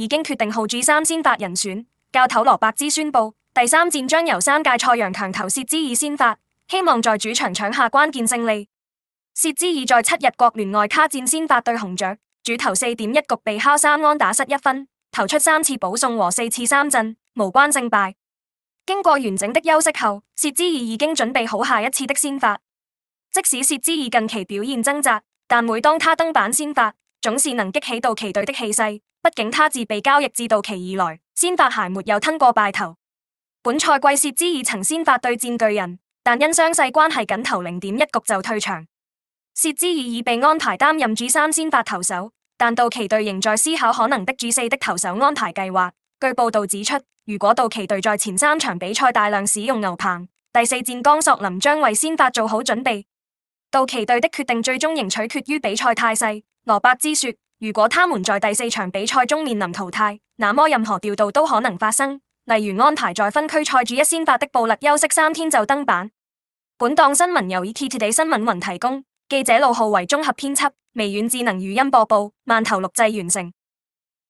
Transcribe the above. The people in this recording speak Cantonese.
已經決定好 G3 先發人選，教頭羅伯茲宣布，第三戰將由三屆賽揚強投薛茲爾先發，希望在主場搶下關鍵勝利。薛茲爾在七日國聯外卡戰先發對紅雀，主投四點一局被敲三安打失一分，投出三次保送和四次三振，無關勝敗。經過完整的休息後，薛茲爾已經準備好下一次的先發。即使薛茲爾近期表現掙扎，但每當他登板先發，總是能激起到騎隊的氣勢。畢竟他自被交易至道奇以來，先發還沒有吞過敗投。本賽季薛茲爾曾先發對戰巨人，但因傷勢關係僅投零點一局就退場。薛茲爾已被安排擔任主三先發投手，但道奇隊仍在思考可能的主四的投手安排計劃。據報道指出，如果道奇隊在前三場比賽大量使用牛棚，第四戰岡索林將為先發做好準備。道奇隊的決定最終仍取決於比賽態勢。羅伯茲說。如果他們在第四場比賽中面臨淘汰，那麼任何調度都可能發生。例如安排在分區賽主一先發的布勒休息三天就登板。本檔新聞由 ETtoday 新聞雲提供，記者路號為綜合編輯，微軟智能語音播報，慢頭錄製完成。